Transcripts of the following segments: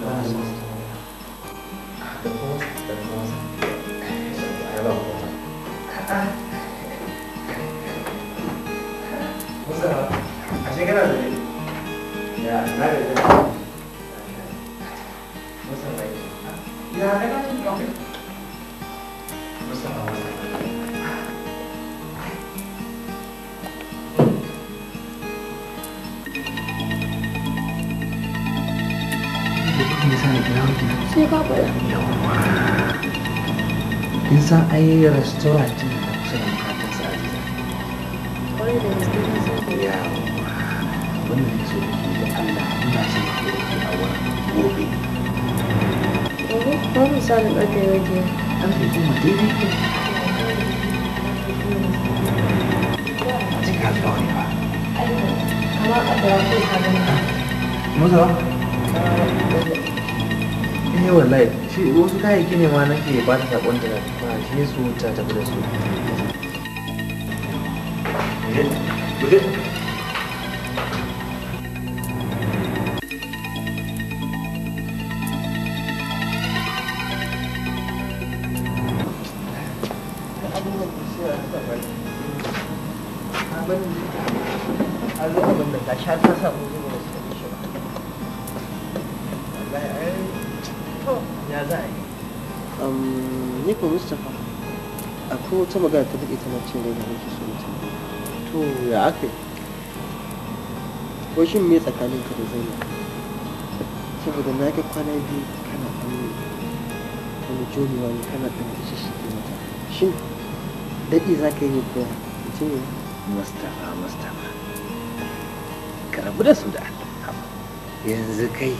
Yeah, I got you. sai babu yawa in san i an yi r e s t a u r a n a ne da kusa d o bukatun sa ajiya yawa wannan ne n o da da allah ina son da ke rage a wani gobe ba mu sa da ƙarfe rage an fi kuma daidai ne a n i k i n alƙawari ba amma a ɗawa kai ka gani ba. Musa? eh wallahi shi wasu kayayyaki ne ma nake ba ta sakon da ba shi su ta tafi da su abin ta samu zuwa wata magana ta daɗe tana cin rai da nake so mutum to ya aka yi ko shin me tsakanin ka da zainab saboda na ga kwana biyu kana ɗan wani jomiwa ne kana ɗan da shi mata shin daɗe za ka yi ne ko mutum ne mustapha mustapha ka rabu da su da allah yanzu kai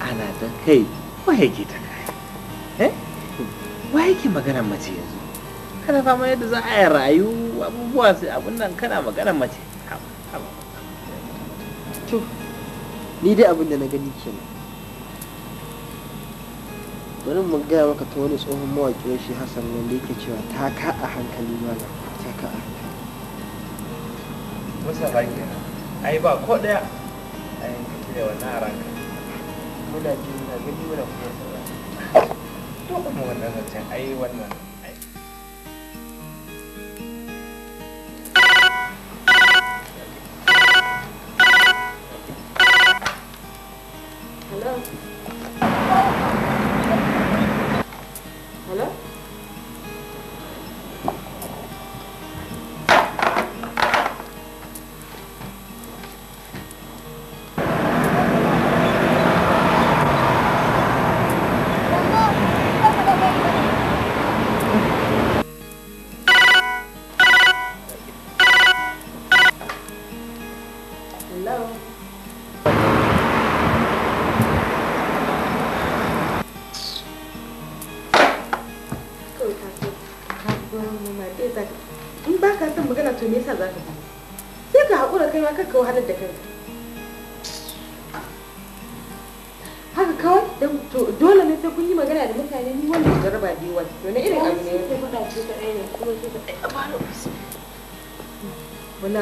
ana da kai wa yake ta kaya eh wa yake maganar mace yanzu kana fama yadda za a yi rayu abubuwa sai abun nan kana magana mace to ni dai abin da na gani kenan bari mu gaya maka ta wani tsohon mawaƙi shi hassan nan da yake cewa ta ka a hankali mana ta ka a hankali musa rage ai ba ko ɗaya a yanka cire wannan ranka muna jini na gani muna kuma sauran to kuma wannan zancen ai wannan yasa za ka sai ka haƙura kai ma kar ka wahalar da kanka haka kawai to dole ne sai kun yi magana da mutane ni wani to na irin abu ne sai kuɗa ne ba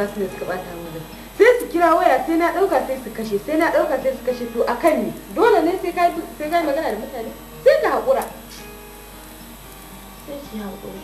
su ne suka bata mu da sai su kira waya sai na ɗauka sai su kashe sai na ɗauka sai su kashe to a kan ne dole ne sai ka sai ka magana da mutane sai ka haƙura sai ki haƙura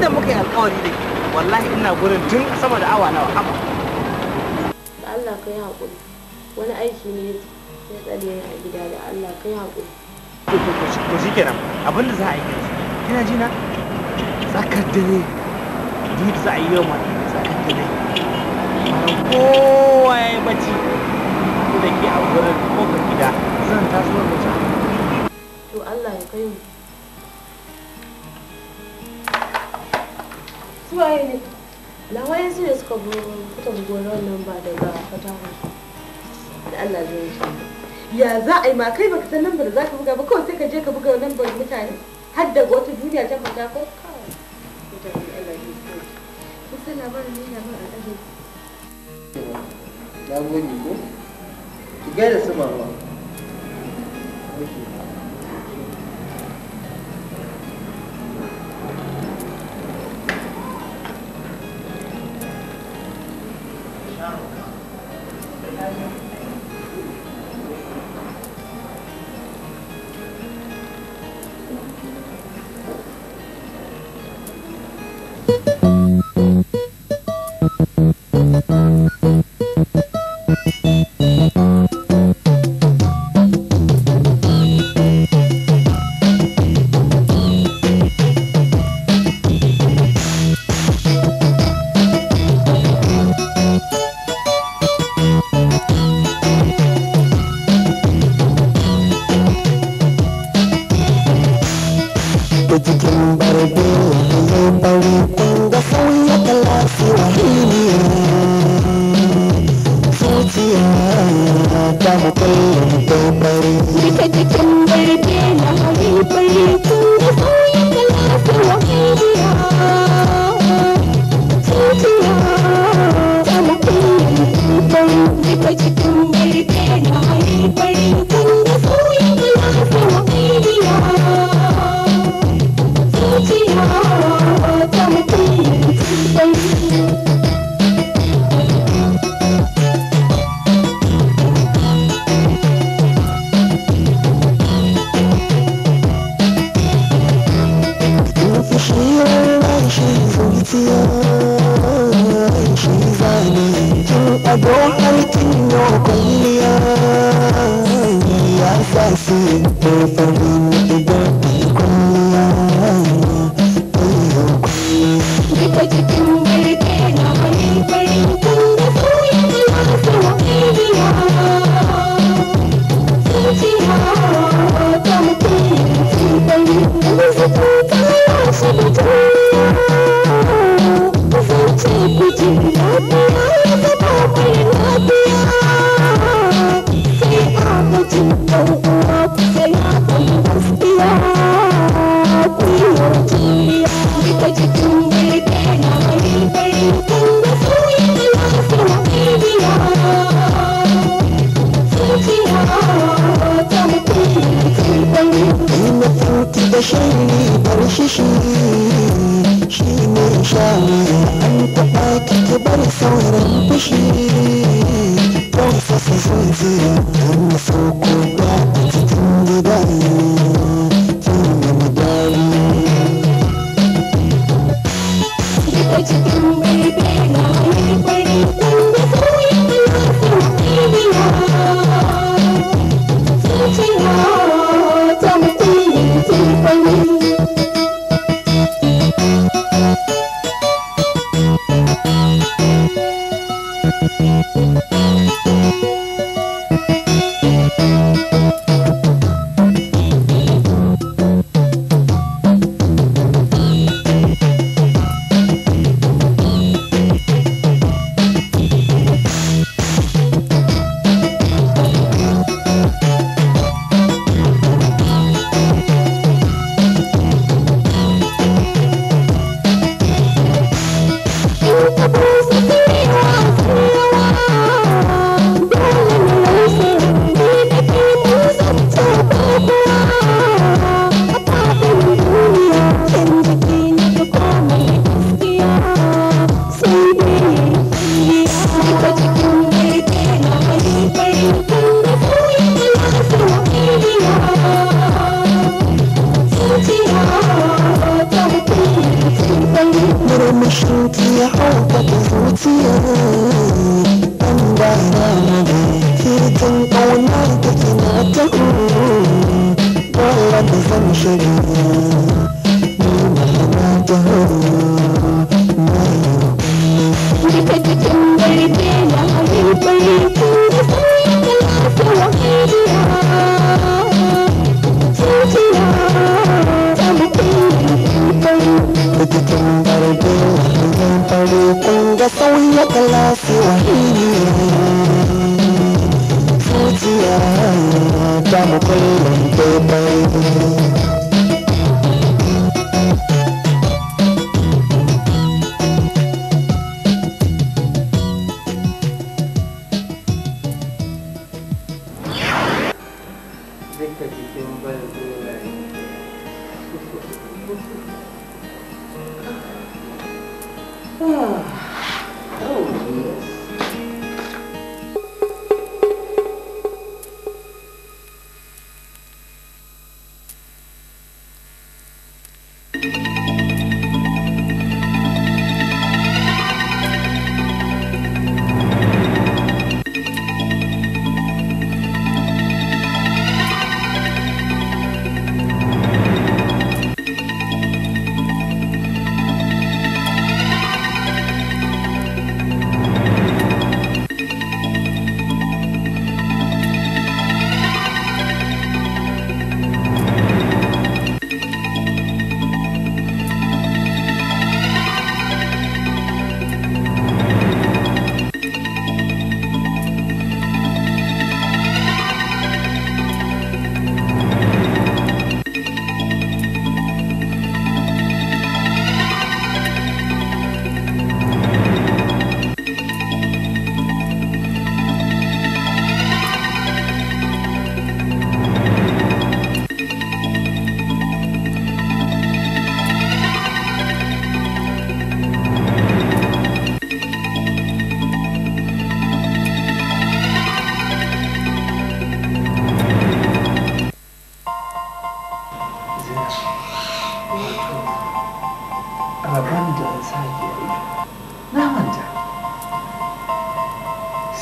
tun muka yi alkawari da wallahi ina gurin tun sama da awa nawa haka da Allah kai hakuri wani aiki ne ya tsare ni a gida da Allah kai hakuri ko shi kenan abinda za a yi kina ji na tsakar dare duk za a yi yau ma tsakar dare kowa ya bacci da ke a gurin kofar gida zan taso da mutum to Allah ya kai mu waye ne da ya za a yi ma kai baka san lambar za ka buga ba kawai sai ka je ka buga lambar mutane har daga wata duniya ta fata ko kawai mutane Allah zai yi kusa labarin ne labarin ajiye na gode ko ki gaida su mama Gracias. चुम करके नहाई बड़ी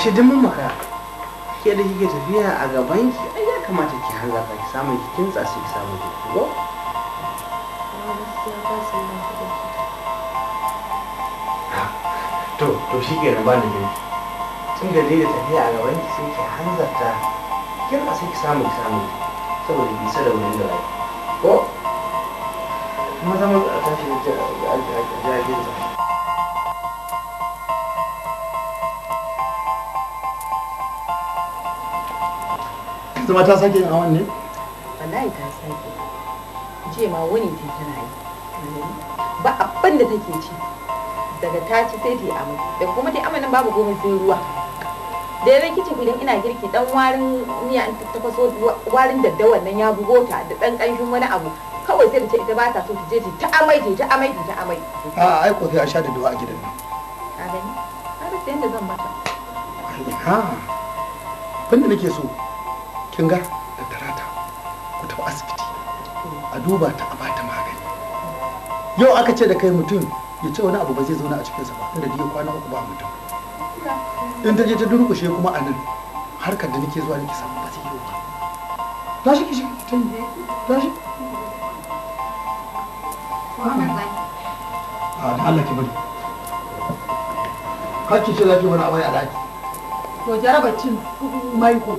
ashe duk maka ke da kike tafiya a gaban ki ai ya kamata ki hanzarta ki samu ki kintsa sai ki samu ki ko to to shi ke na bani ne tun da ni da tafiya a gaban ki sai ki hanzarta kintsa sai ki samu ki samu saboda ki da wurin da ko kuma zama a tashi da jirgin zai ita ma ta sake yin awon ne wallahi ta sake je ma wani ta tana yi ba abin da take ci daga ta ci sai ta yi amai da kuma dai amanin babu goma sai ruwa da yana kicin idan ina girki dan warin miya an in tafaso warin da da wannan ya bugo ta da dan kanshin wani abu kawai sai ce ita ba ta so ta je ta amai ta amai ta amai a ai ko sai a sha da duwa a gidan nan A gani ka rasa yadda zan mata ha abin da nake so kin ga da tarata ku tafi asibiti a duba ta a bata magani yau aka ce da kai mutum ya ce wani abu ba zai zauna a cikinsa ba tunda da kwana uku ba mutum in ta je ta durkushe kuma a nan harkar da nake zuwa nake samu ba zai yi ba tashi ki shiga ta tashi a da Allah ki bari kar ki ce za ki wani abu a daki to jarabar cin maiko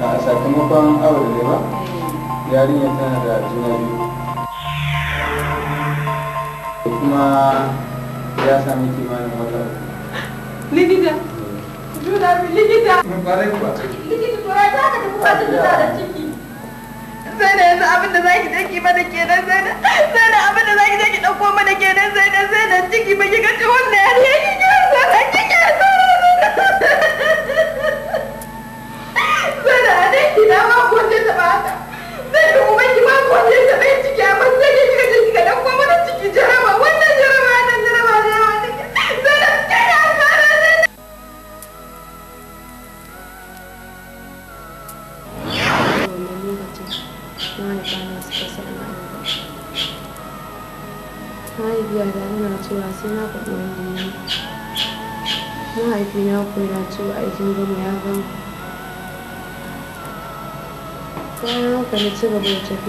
a sakamakon awar da ba yarinya tana da juna biyu kuma ya sami kimanin wata likita juna biyu likita kwarai kuwa likita kwarai ta ka tafi wata juna da ciki da yanzu abin da zaki daki mana kenan zaina da abin da zaki daki dauko mana kenan zaina da ciki ba ki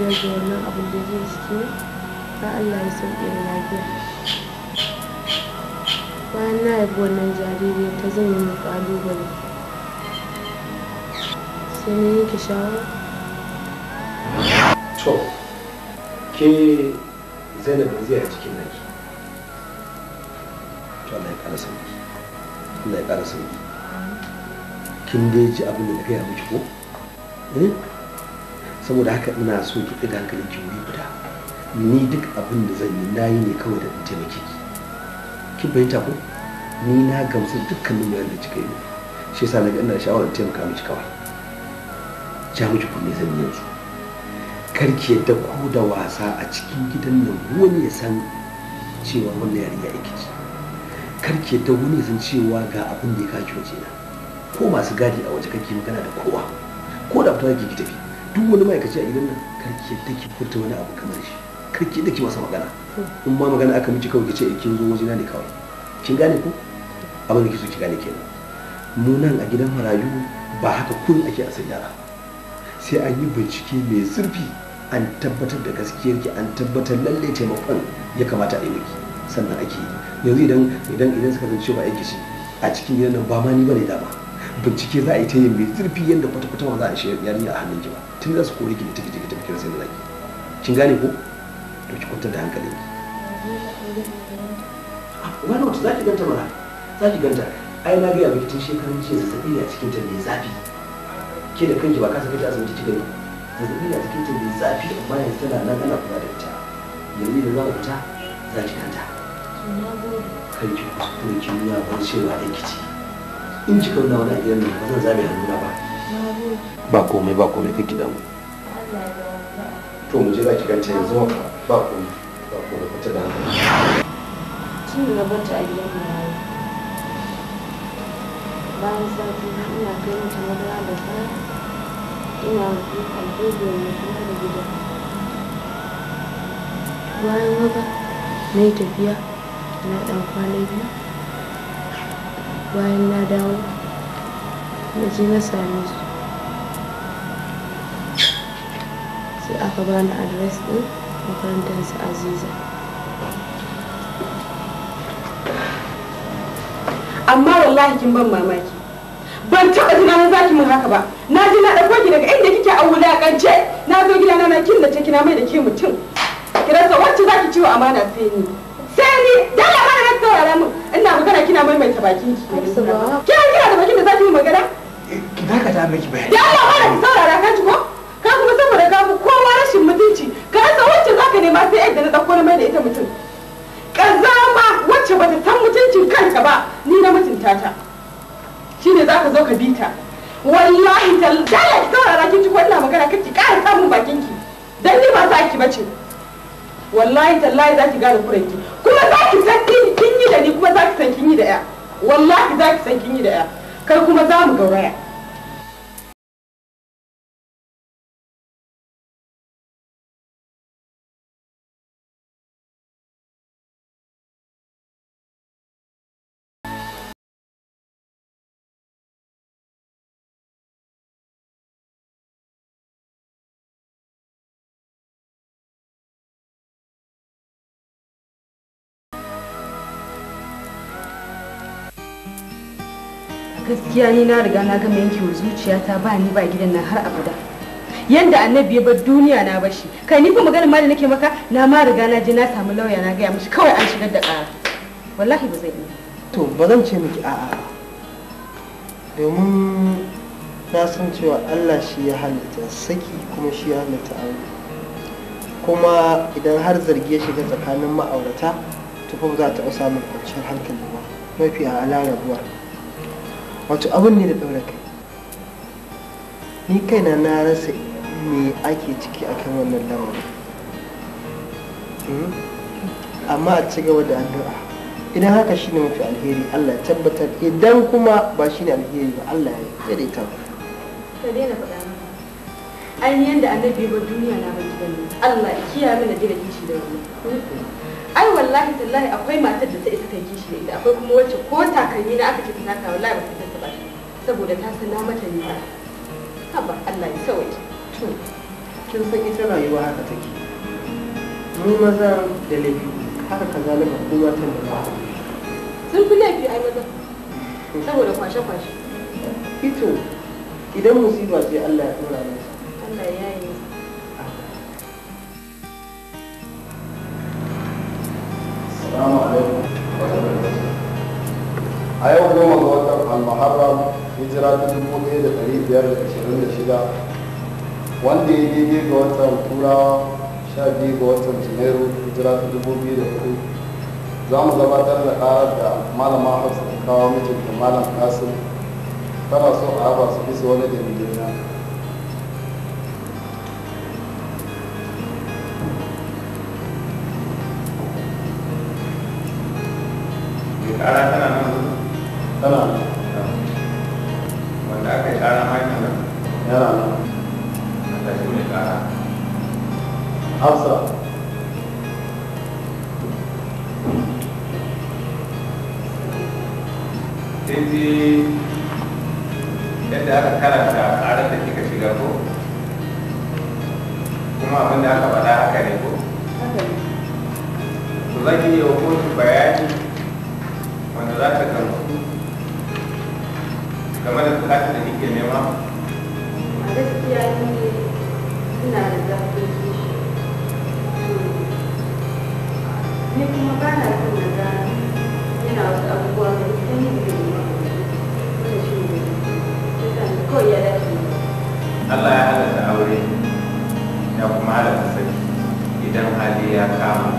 tafiyar da wannan abin da zai Allah ya sauke da lafiya bayan na haifi wannan jariri ta ƙalubale sai to ke zainab a cikin naki to Allah ya ƙara sauki Allah ya ƙara sauki kin dai ji abin da ka yi miki ko eh saboda haka ina so ki ɗaga hankalin ki wuri guda ni duk abin da zan yi na yi ne kawai da in taimake ki ki fahimta ko ni na gamsu dukkanin wayar da kika yi shi yasa na ga ina sha'awar taimaka miki kawai ja miki kuɗi zan yi yanzu kar ki yadda ko da wasa a cikin gidan nan wani ya san cewa wannan yarinya yake ci kar ki yadda wani ya san cewa ga abin da ya kaki waje na ko masu gadi a waje kake magana da kowa ko da fita kake ki tafi duk wani ma'aikaci a gidan nan karki yadda ki furta wani abu kamar shi karki yadda masa magana in ma magana aka miki kawai ki ce eh, kin zo wajena ne kawai kin gane ko abin da ki so ki gane kenan mu nan a gidan marayu ba haka kun ake a yara sai an yi bincike mai zurfi an tabbatar da gaskiyar ki an tabbatar lalle taimakon ya kamata a yi miki sannan ake yanzu idan idan idan suka zance ba aiki shi a cikin gidan nan ba ma ni bane dama bincike za a yi ta yin mai zurfi yadda kwata-kwata ma za a shayar yarinya a hannun jima tun za su kore ki da take take tafi kirsa da zaki kin gane ko to ki kwantar da hankalin ki ah, wani wata za ki ganta mana za ki ganta ai na gaya miki tun shekarun jiya da ne a cikin ta mai zafi ke da kanki ba ka saka ta asibiti ki gani da ne a cikin ta mai zafi amma yanzu tana nan ana kula da ita yanzu da za ku fita za ki ganta kan ki kuskure ki nuna ban cewa ɗan kici in kika nuna wani a gidan ba zan zabe hannuna ba ba komai ba komai kake damu to mu je za ki yanzu ba komai ba komai ta da hankali bata a gidan mu yayi bayan sati ina kai mata da fara ina dukan dogo ne kuma da gida bayan haka na yi tafiya na ɗan kwana biyu bayan na dawo na je na same su sai aka bani adres ɗin makarantar su aziza amma wallahi kin ban mamaki ban taba tunanin zaki mun haka ba na ji na ɗauko ki daga inda kike a wulaƙance na zo kin na ce kina mai da ke mutum ki rasa wacce zaki ciwo amana sai ni sai ni dalla mana na saurara min ina magana kina maimaita bakin ki kina da bakin da zaki yi magana ki dakata miki bayani ya Allah ba ki saurara ka ko ka kuma saboda ka ku kowa rashin mutunci ka san wacce zaka nema sai yadda na dauko na mai da ita mutum kazama wacce bata san mutuncin kanta ba ni na mutunta ta shine zaka zo ka bita wallahi tallahi ki saurara kin ji ko ina magana kake ƙara samun bakin ki dan ni ba za ki bace wallahi tallahi za ki gane kuranki kuma za ki ni kuma za san kin yi da ya wallahi za ki san kin yi da ya kai kuma za mu gauraya gaskiya ni na riga na gama yankewa zuciya ba ni ba gidan nan har abada yanda annabi ya bar duniya na bashi kai ni ku magana ma da nake maka na ma riga na je na samu lauya na gaya mishi kawai an shigar da kara wallahi ba zai yi to ba zan ce miki a'a domin na san cewa Allah shi ya halitta saki kuma shi ya halitta aure kuma idan har zargi ya shiga tsakanin ma'aurata to ba za ta taɓa samun kwanciyar hankali ba mafi a ala wato abin ne da ɗaura kai ni kaina na rasa me ake ciki a kan wannan lamarin hmm? amma a ci gaba da addu'a idan haka shi ne mafi alheri allah ya tabbatar idan kuma ba shi ne alheri ba allah ya yi ta ita daina ainihin da annabi ba duniya na baki gani allah ya mana gina kishi da wani hmm? ai wallahi tallahi akwai matar da ta isa ta kishi da ita akwai kuma wacce ko takalmi na aka ce ta taka wallahi ba ta saboda ta sana mata ne ba haba Allah ya sauke kin san ita rayuwa haka take mu maza da laifi haka ka ba ko ta da ba sun fi laifi ai maza saboda kwashe kwashe ito idan musiba ce Allah ya tura masa Allah ya yi Assalamu alaikum. A yau goma ga watan Al-Muharram hijira ta dubu da ɗari biyar da ashirin da shida wanda ya daidai ga watan turawa sha biyu ga watan janairu hijira ta dubu biyu da hudu za mu gabatar da da malama kawo malam kasim tana so a raba su bisa wani dalilina يا رب. أنت شو اللي قاعد؟ أبصر. Allah ya halatta aure ya kuma halatta saki idan hali ya kama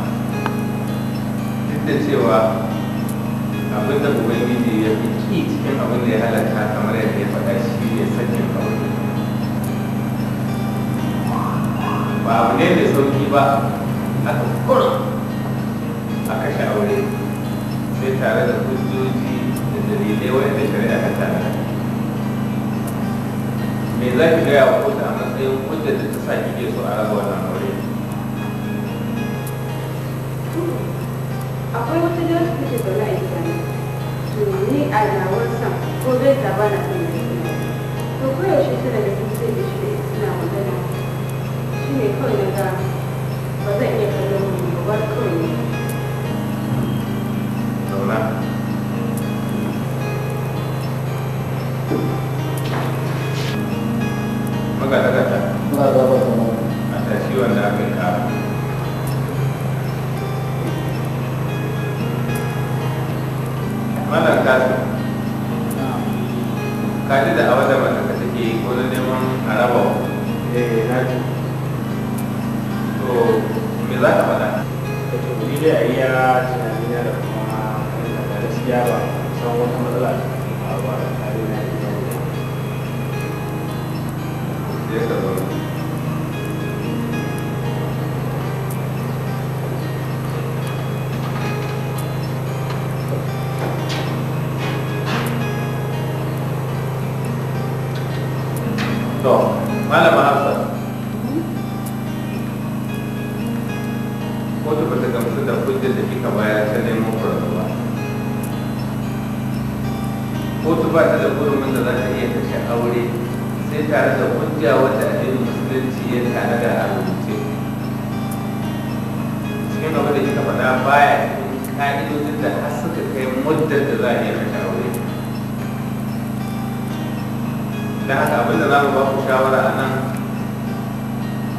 duk da cewa abin da ubangiji ya fi ki cikin abin da ya halatta kamar yadda ya faɗa shi ne sakin aure ba abu ne mai sauki ba aka kura a kashe aure sai tare da hujjoji da dalilai wanda shari'a ta tare me za ki gaya wa kotu a matsayin hujjar da ta sa kike so a raba wannan aure akwai wata da wasu kake zaune a gida ne to ni a nawar san ko bai zaba na kan to koyaushe ta daga sun sai da shi da suna magana shi ne kawai na ga ba zan iya 对吧？像我他们这。irin wanda kika faɗa baya ka'idodin da har suka kai muddar da za a iya kashe aure da haka abin da za mu ba ku shawara a nan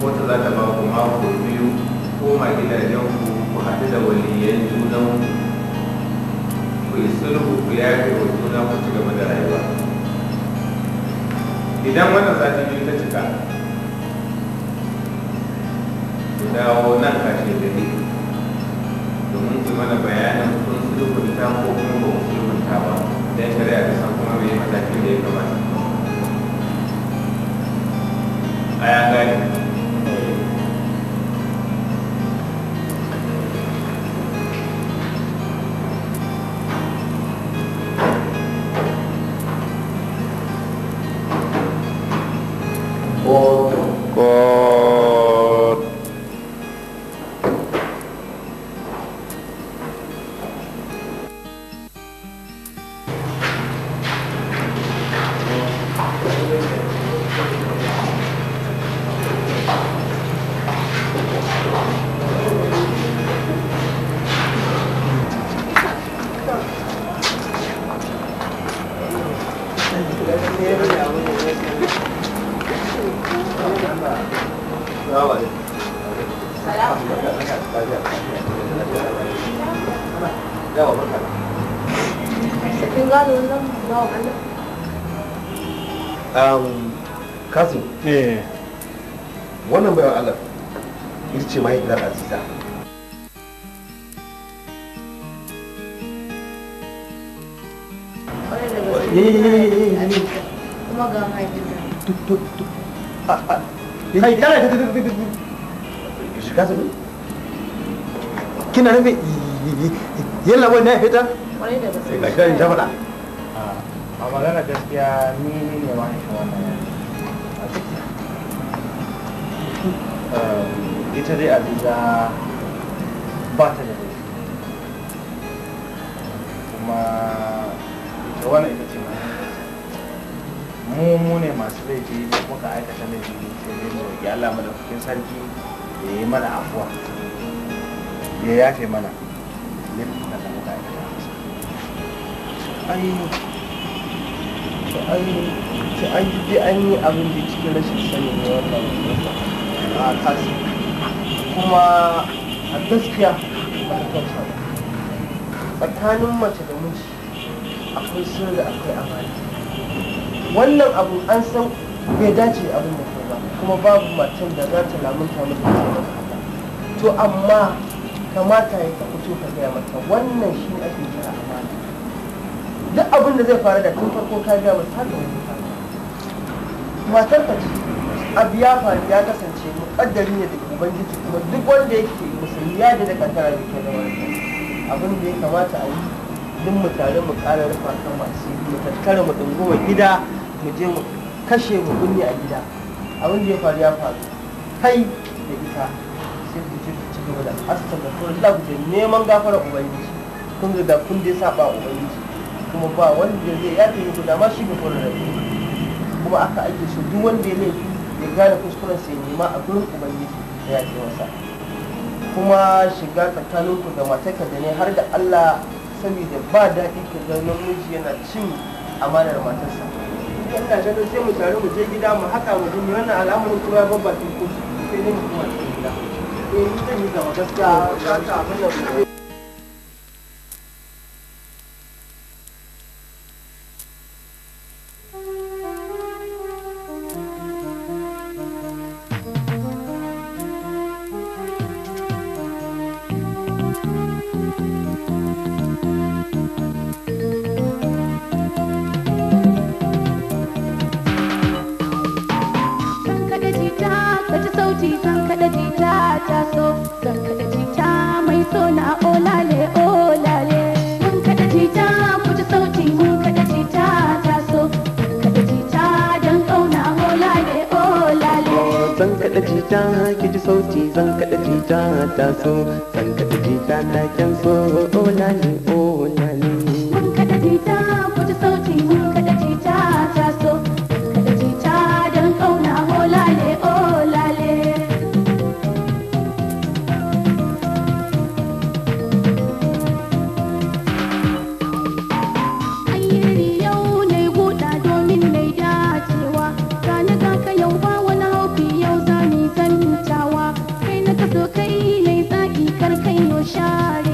ta za ta ba ku mako biyu koma gidajen ku ku haɗu da waliyan junan ku yi sulhu ku yafe wa juna ku ci gaba da rayuwa idan wannan sati biyu ta cika ku dawo nan kashe gari. domin su mana bayanin kun fito kwanta ko kuma ba ku fito kwanta ba don shari'a ta san kuma mai matakin da ya kai kina nufin yalla wani ya fita kwarai da gaske ga ehm, ita dai abuja ba ta mu ne masu laifi da muka aikata laifi sai dai mu ya Allah madaukakin sarki ya yi mana afuwa ya yafe mana laifin da muka aikata ai to ai to yi dai an yi abin da cikin rashin sani ne wannan a kasu kuma a gaskiya ba ta kyauta tsakanin mace da miji akwai sirri akwai amana wannan abu an san bai dace abin da kai ba kuma babu matan da za ta lamunta mata to amma kamata ya ka fito ka gaya mata wannan shi ake kira amana duk abin da zai faru da tun farko ka gaya mata haka wani matar ka ce abu ya faru ya kasance muƙaddari ne daga ubangiji kuma duk wanda yake musulmi ya da kaddara da ke da wani abin da ya kamata a yi duk mutane mu ƙara rufa kan masu mu tattara mu dunguwa gida mu je mu kashe mu kunni a gida abin da ya faru ya faru kai da ita sai ku ce ci gaba da da ku je neman gafara ubangiji kun da kun dai saba ubangiji kuma ba wanda zai yafe muku da ma shi ga da kuma aka ake so duk wanda ya laifi ya gane kuskuren sai nema a gurin ubangiji da yafe masa kuma shiga tsakaninku da matarka da ne har da Allah saboda ba daɗi ka ga namiji yana cin amanar matarsa idan ina ganin sai mu taru mu je gida mu haka mu gumi wannan al'amarin kuma ya babba ko sai dai mu kuma cikin gida eh ni zan yi gaba gaskiya ta abin da jita ki ji sauti zan kada jita ta so zan kada jita ta kyan so o oh, lali oh, o oh, lali zan kada jita ku ji sauti Tushar